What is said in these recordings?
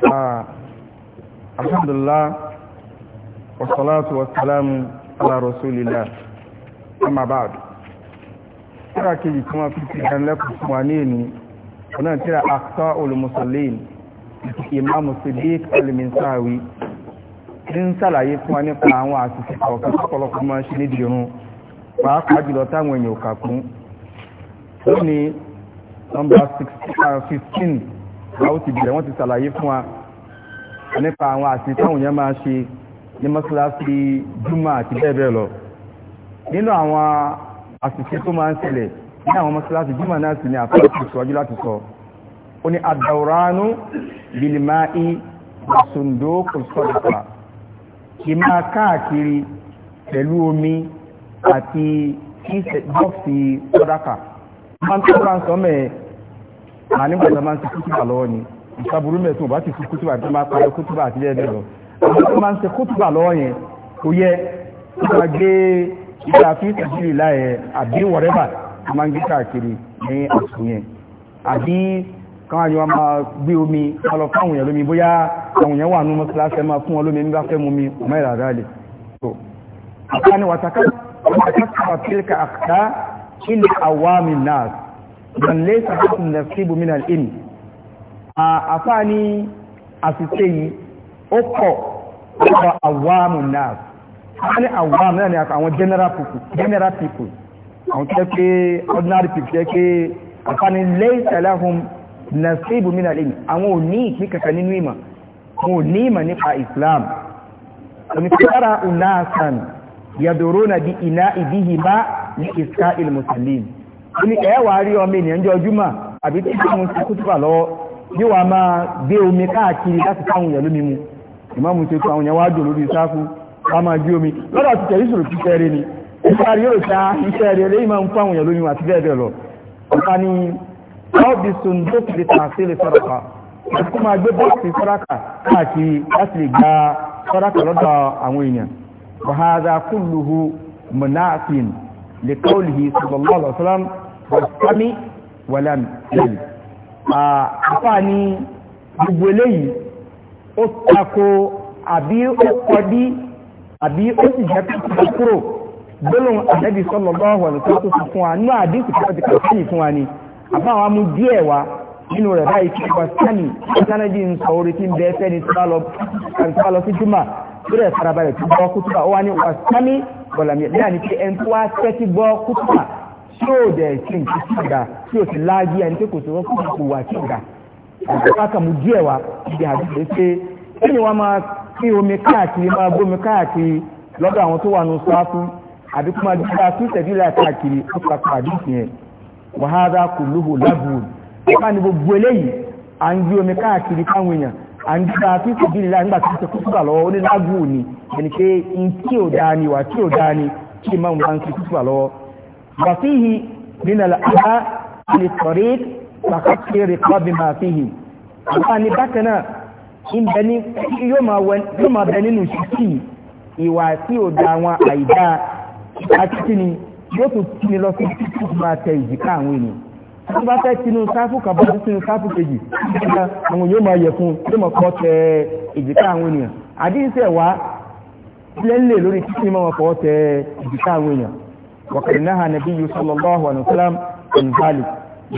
Ah, alhamdulillah wasalatu wasalamu ala rasulillah amma ba'd tírà kejì tí wọ́n fi ti dánlẹ́kùn fún wa ní èní ọ̀nà tírà akhtaul musallin imam siddiq al-minsawi ń sàlàyé fún wa nípa àwọn àṣìṣe ọ̀kan tọ́pọ̀lọpọ̀ máa ń ṣe nídìí irun pàápàá jùlọ táwọn èèyàn kà kún lónìí nọmba 16 15 báwo ti bẹ̀rẹ̀ wọ́n ti ṣàlàyé fún wa nípa àwọn àti táwọn yẹn máa ṣe ní mọ́ṣáláṣí júmọ̀ àti bẹ́ẹ̀ bẹ́ẹ̀ lọ nínú àwọn àṣìṣe tó máa ń ṣẹlẹ̀ ní àwọn mọ́ṣáláṣí júmọ̀ náà sì ni àfẹ́sì ìṣọ́jú láti sọ ó ní àdàwòránú bilimai ìsòǹdó kò sọ̀dọ̀pà kì máa káàkiri pẹ̀lú omi àti bọ́ọ̀sì sọ́dáka máa ń tó bá ń sọ mẹ́ẹ̀ à nígbà tí a máa ń ti kútùbà lọ́wọ́ ni ìṣàbùrú mẹ́tún bá ti fi kútùbà tí máa parí kútùbà àti ẹ̀dẹ̀ lọ àwọn tó máa ń ṣe kútùbà lọ́wọ́ yẹn kò yẹ nípa gbé ìgbà fún ìtàjírí láyẹ àbí wọ̀rẹ́bà a máa ń gbé káàkiri ní àsìkò yẹn àbí káwọn àyọ̀ máa gbé omi ká lọ fún àwọn èèyàn lómi bóyá àwọn èèyàn wà nú mọ́sálásí ẹ máa fún wọn lómi nígbà fẹ́ mu mi ọmọ ìràrá lè àkáni wàtàkà wàtàkà wàtàkà àkàtà ilẹ̀ àwámi náà man laysa hakum nasibu min al-ilm afa ni asise yi ó ko ba awamun nas ani awam na ni àwọn general people general people àwọn te ordinary people te pe afa ni laysa lahum nasibu min al-ilm àwọn ò ní ìpín kankan nínú ìmọ̀ wọn ò ní ìmọ̀ nípa islam omitara unasan bi ina ibihi ma ni iska il muslimin ó ní ẹ̀ẹ́wà rí ọmọ ènìyàn jọ júmọ̀ àbí tí ìjọmọ̀ ti kú túbà lọ́wọ́ máa omi káàkiri láti táwọn èèyàn lómi mu ìmáàmù ti tó àwọn èèyàn wá dùn lórí omi lọ́dọ̀ ti tẹ̀lé ìṣòro rẹ ni ìgbà rí òòṣà iṣẹ́ rẹ lẹ́yìn máa ń fún àwọn èèyàn lómi àti bẹ́ẹ̀ bẹ́ẹ̀ lọ ni ọ́ọ̀bì sundókìlì lè لقوله صلى الله عليه وسلم والسمع ولم يلد àfáàní gbogbo eléyìí ó tako àbí ó kọdí àbí ó sì jẹ́ pípa kúrò gbólóhùn ànábì sallallahu alaihi wasallam tó fún wa ní àdínkù tó ti kàfíì fún wa ni àbáwọn amú díẹ̀ wa nínú rẹ̀ báyìí kí wọ́n sani sanaji ń sọ orí tí ń bẹ ẹsẹ́ ni tí wọ́n lọ sí jùmọ̀ bọ̀làmì bí àní pé ẹni tó wá tẹ́tí gbọ́ kútùbà tí ò dẹ̀ ṣe nǹkan tí ò dá tí ò sì láàgì ẹni tó kò sí wọ́n kúrò kò wà tí ò dá ìjọba kan mú díẹ̀ wá ibi àdúgbò pé ẹni wọn máa kí omi káàkiri máa gbómi káàkiri lọ́dọ̀ àwọn tó wà nù sáfù àbí kó tún ṣẹ̀dí láì káàkiri ó kàkà àdúgbò wàhálà kò lóhùn lábùú wọn ni gbogbo eléyìí à ń gbé omi káàkiri káwọn èèyàn àǹdíkà tí kò bí nílá nígbà tí kò kúkúbà lọ́wọ́ ó ní lágùn òní ẹni pé n tí ò dáa ni wà tí ò dáa ni kí máa ń bá ń fi kúkúbà lọ́wọ́ wà fíhì nínú àlá lè sọ̀rí pàkàkiri kọ́bí máa fíhì àwọn àní bákan náà ìbẹ̀ ni yóò máa bẹ nínú ṣíṣì ìwà tí ò dáa wọn àìdáa àti kí ni yóò tún kí ni lọ sí tẹ ìjìká àwọn ènìyàn tó bá fẹ́ sínú sáfù kàbọ̀ sí sínú sáfù kejì nígbà àwọn yóò máa yẹ fún yóò máa kọ́ tẹ èjìká àwọn ènìyàn àdínsẹ̀ wá lẹ́lẹ̀ lórí títí máa kọ́ tẹ èjìká àwọn ènìyàn wàkàrí náà nàbí yìí sallallahu alaihi wasallam ìbálì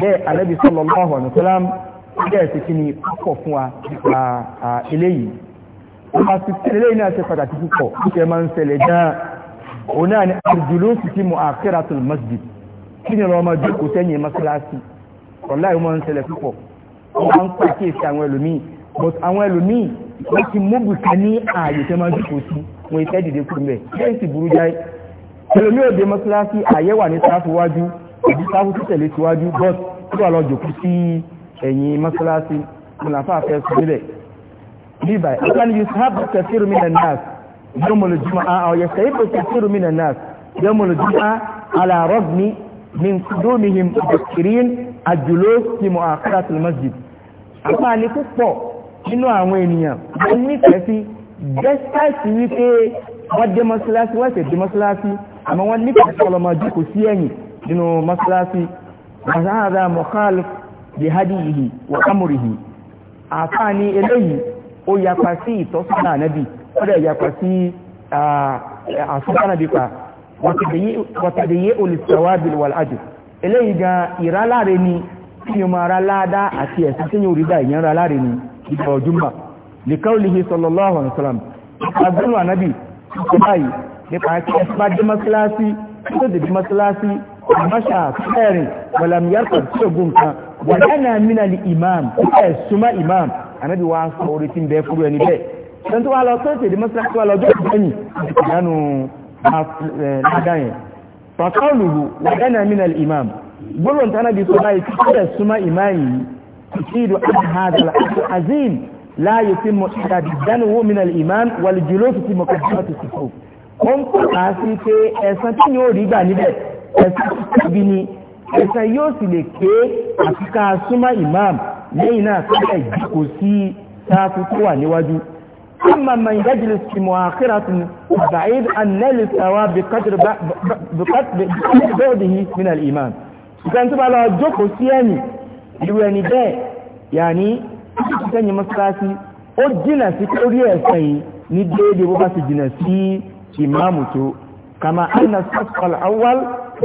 bẹ́ẹ̀ anábì sallallahu alaihi wasallam bẹ́ẹ̀ sì kí ni ọkọ̀ fún wa kí ni ọmọ jókòó sẹ́yìn mọ́sálásí ọ̀la ìwọ́n ń ṣẹlẹ̀ púpọ̀ wọ́n ń pàkíyèsí àwọn ẹlòmíì but àwọn ẹlòmíì wọ́n ti mógùn ká ní ààyè tẹ́ máa jókòó sí wọn ìfẹ́ dìde kúrò mẹ́ lẹ́yìn sì burú jáì ẹlòmíì òde mọ́sálásí ààyè wà ní sáfù wájú àbí sáfù tó tẹ̀lé síwájú but tó wà lọ jókòó sí ẹ̀yìn mọ́sálásí mọ̀láfà fẹ́ sọ nílẹ̀ bíbà ìkànnì yusuf min kúdómihim ìdòkìrín àjùlọ sí mọ̀ àkàràtì masjid apá ní púpọ̀ nínú àwọn ènìyàn wọ́n nífẹ̀ẹ́ sí despite wípé wọ́n dé mọ́sálásí wọ́n ṣe dé mọ́sálásí àmọ́ wọ́n nífẹ̀ẹ́ sí ọlọ́mọdé kò sí ẹ̀yìn nínú mọ́sálásí wàhálà mọ̀kálù lè hádì ìhì wà ámùrì ìhì àfáà ní eléyìí ó yapa sí ìtọ́sọ́nà ànábì ó dẹ̀ yapa sí àsọ́nà ànábì pa wàtàdéyé olùsọ̀wábì wàlájò eléyìí gan ìráláre ni tí yóò máa ra láàdá àti ẹ̀sìn tí yóò rí bá ìyẹn ra láàrin ní ìgbà ọjúmà lìkọ́lìhì sallallahu alaihi wasallam agbóhùn ànábì tó báyìí nípa kí ẹ bá dé mọ́síláàsì tí ogun kan wàdánà mìíràn ní imam ẹ̀ súnmọ́ imam ànábì wa sọ orí tí ládá yẹn fàkọ́lùhù ládánà mínal imam gbọ́nà tánà bí tó láyé tí kúrẹ̀ súnmọ́ ìmáyì tìkìdù àhàdàlà azim láyé tí mo ìdàdìdánwó mínal imam wàlìjìló fi ti mọ̀kànlá ti fò wọ́n kò kàá sí pé ẹ̀san tí yóò rí gbà níbẹ̀ ẹ̀san tí tàbí ni ẹ̀san أما من يجلس في مؤخرة بعيد أن نال الثواب بقدر بعده من الإيمان كان تبع لو jókòó sí ẹni irú ẹni bẹ́ẹ̀ yàní sẹ́yìn mọ́sálásí ó jìnà sí torí ẹ̀sẹ̀ yìí ní déédéé bó bá ti jìnà sí ìmáàmù tó kama anna sọ́kọ̀lá awal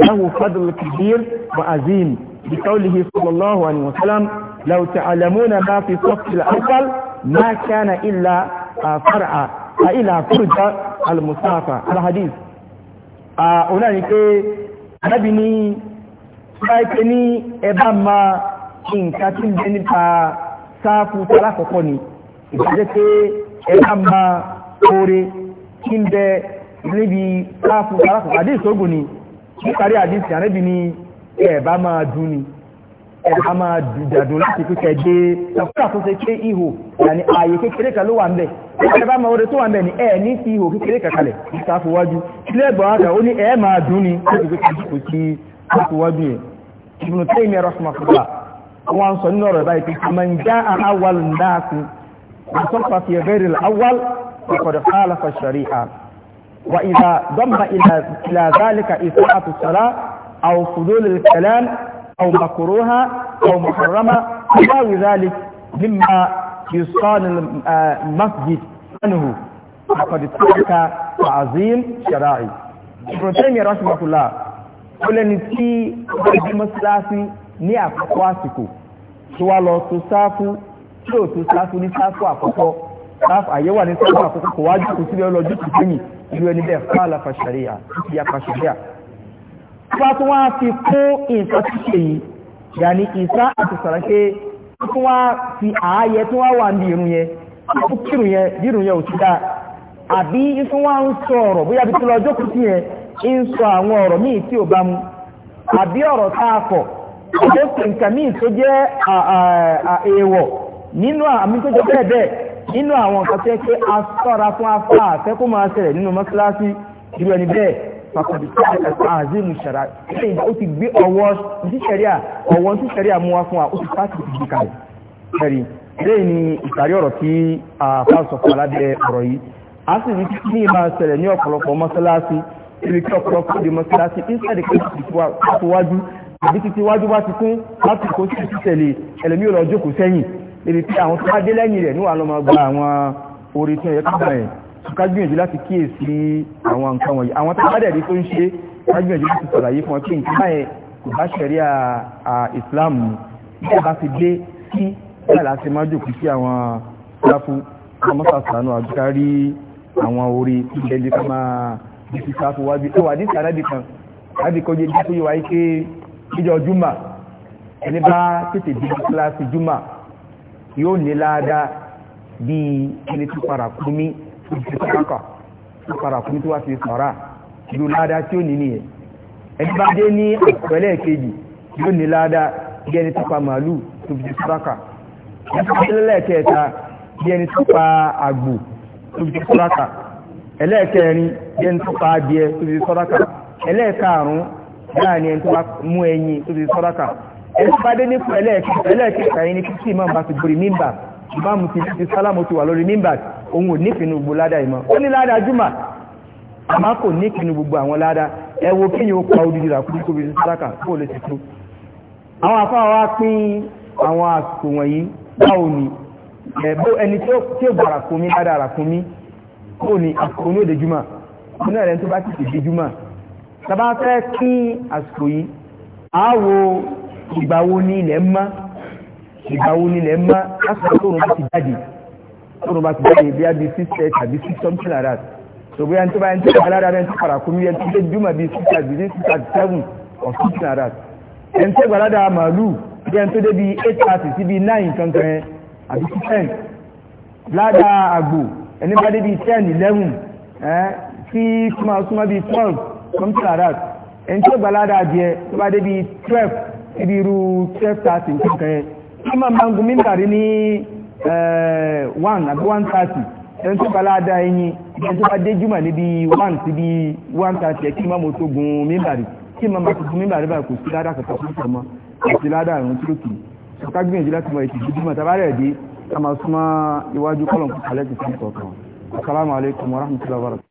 lahu fadl kabir wa azim bi qawlihi sallallahu alaihi wasallam law ta'lamuna ma fi sọ́kọ̀lá awal ma kana illa far'a a ila furja al-mustafa al-hadith a ọ̀nà ni pé anábi ní ṣáìpé ní ẹbá ma nǹkan tí ń bẹ nípa sáàfù alákọ̀ọ́kọ́ ni ìbájẹ́ pé ẹbá ma oore tí ń bẹ níbi sáàfù alákọ̀ọ́kọ́ àdíṣ a máa dùjàdù láti pípẹ́ dé ṣàkóso tó ṣe pé ihò yàní ààyè kékeré kan ló wà ń bẹ̀ ẹ bá máa oore tó wà ń bẹ̀ ní ẹ ní sí ihò kékeré kankalẹ̀ ìsáfowájú ilé ẹgbọ̀n àgbà ó ní ẹ máa dún ni láti pípẹ́ dé kò sí ìsáfowájú yẹn Ibn Taymiyyah rahmatullah wọn sọ nínú ọ̀rọ̀ báyìí pé man ja'a awwal an-nas wa saffa fi ghayri al-awwal faqad khalafa ash-shari'a wa idha damma ila dhalika isaa'atu as-salat aw fudul al-kalam أو مكروها أو محرمة ونحو ذلك مما يسقان المسجد عنه فقد ترك تعظيم شرعي ابن تيمية رحمه الله ó lẹ́ni tí ọdún mọ́síláàfí ní àkọ́kọ́ àsìkò tó wá lọ tó sáfú tí ò tó sáfú ní sáfú àkọ́kọ́ sáfú àyẹ́wà ní sáfú àkọ́kọ́ kò wájú kò sílẹ̀ ọlọ́jú kò sẹ́yìn ìlú ẹni bẹ́ẹ̀ fáàlà fàṣàríà ìyá fàṣàríà bá tún wá fi kún nǹkan tí ṣe yìí yàní ìsá àti sàrànṣe tún wá fi ààyẹ tún wá wà ní irun yẹn tó kírun yẹn dírun yẹn ò ti dáa àbí tún wá ń sọ ọ̀rọ̀ bóyá bí tí lọ kùtì yẹn ń sọ àwọn ọ̀rọ̀ míì tí ò bá mu àbí ọ̀rọ̀ tá a kọ̀ ọjọ́ nǹkan míì tó jẹ́ èèwọ̀ nínú àmì tó jẹ́ bẹ́ẹ̀ bẹ́ẹ̀ nínú àwọn nǹkan tó yẹ pé a sọ́ra fún afá nínú mọ́ṣáláṣí ẹni bẹ́ẹ̀ fàkàdìtà àzímù ṣàrà ẹ̀yìn ó ti gbé ọwọ́ tíṣẹ̀ríà ọwọ́ tíṣẹ̀ríà mú wá fún wa ó ti pàtàkì ti gbé kalẹ̀ ẹ̀rí lẹ́yìn ni ìtàrí ọ̀rọ̀ tí àfáàsọ̀fọ̀ alábẹ́ ọ̀rọ̀ yìí a sì rí ní ìmá ṣẹlẹ̀ ní ọ̀pọ̀lọpọ̀ mọ́sálásí ibi kí ọ̀pọ̀lọpọ̀ di mọ́sálásí ìṣẹ́lẹ̀ kí wájú àbí títí wájú bá ti kún láti kó sí ìṣẹ̀lẹ̀ ẹlẹ́mí ò lọ jókòó sẹ́yìn ibi tí àwọn tó bá dé lẹ́yìn rẹ̀ níwà lọ́mọ gba àwọn orí ká gbìyànjú láti kíyèsí àwọn nǹkan wọ̀nyí àwọn tó bá dẹ̀rí tó ń ṣe ká gbìyànjú láti sọ̀làyé fún ọ pé nǹkan kò bá ṣẹ̀rí à Islam bí a bá fi dé sí láìlá sí má jòkó sí àwọn sáfù ọmọsàsánú àjúkárí àwọn orí ìgbẹ́lẹ́ ká máa bí ti sáfù wájú ẹwà ní sàrẹ́bì kan láti kọjú ibi tó yẹ wáyé pé ìjọ júmà ẹni bá tètè bí kíláàsì júmà yóò ní láadáa bí ẹni tó para kú mí ìfẹ́kọ̀ọ́ ìpara fún tí wá sí sọ̀rá ìlú ládá tí ó ní nìyẹn ẹni bá dé ní àpẹẹlẹ kejì yóò ní ládá bí ẹni tó pa màálù tó fi sọ́ráka ẹlẹ́ẹ̀kẹta bí ẹni tó pa àgbò tó fi sọ́ráka ẹlẹ́ẹ̀kẹrin bí ẹni tó pa adìẹ tó fi sọ́ráka ẹlẹ́ẹ̀karùn láàrin ẹni tó mú ẹyin tó fi sọ́ráka ẹni bá dé ní pẹ̀lẹ́ẹ̀kẹta yìí ni kí sí ìmọ̀ bá ti borí mímbà ìbámu ti sálámù ti wà lórí mímbà òun ò nífinu gbogbo ládá ìmọ̀ ó ní ládá júmà àmá kò nífinu gbogbo àwọn ládá ẹwọ kíyàn ó pa odidi ràkúrú kó bèèrè sálákà kó lè ti tó àwọn afáwà wá pín àwọn àsìkò wọ̀nyí báwo ni ẹ̀bọ́ ẹni tí ó gbà ràkúnmí ládá ràkúnmí kó ní àsìkò ní òde júmà ó ni ilẹ̀ mọ́ ìgbàwo ni ilẹ̀ mọ́ lásìkò tó rùn bá jáde tóun bá ti jáde bí a bí six eight àbí something like that so bóyá ní tó bá yẹn tó bá lára rẹ̀ tó fara kún yẹn tó dé bí six àbí six àti seven or something like that ẹni tó gbàládà màálù bí ẹni tó dé bí eight thirty sí bí nine kankan yẹn àbí ten ládà àgbò ẹni bá dé bí ten eleven ẹ sí súnmọ́ súnmọ́ bí twelve something like that ẹni tó gbàládà adìẹ tó bá dé bí twelve ibi irú twelve thirty kankan yẹn tó máa ń gun mímbàrí ní. Eh, one àbí one thirty ẹni tó bá láàdá ẹyin ẹni tó bá dé jùmọ̀ níbi one sí bí one thirty ẹ̀ kí má mo tó gun mímbàrí kí má má tó gun mímbàrí báyìí kò sí ládà kàkà fún ìtọ́mọ́ àti ládà àrùn tí ó kì í ká gbìyànjú láti mọ ètò wabarakatuh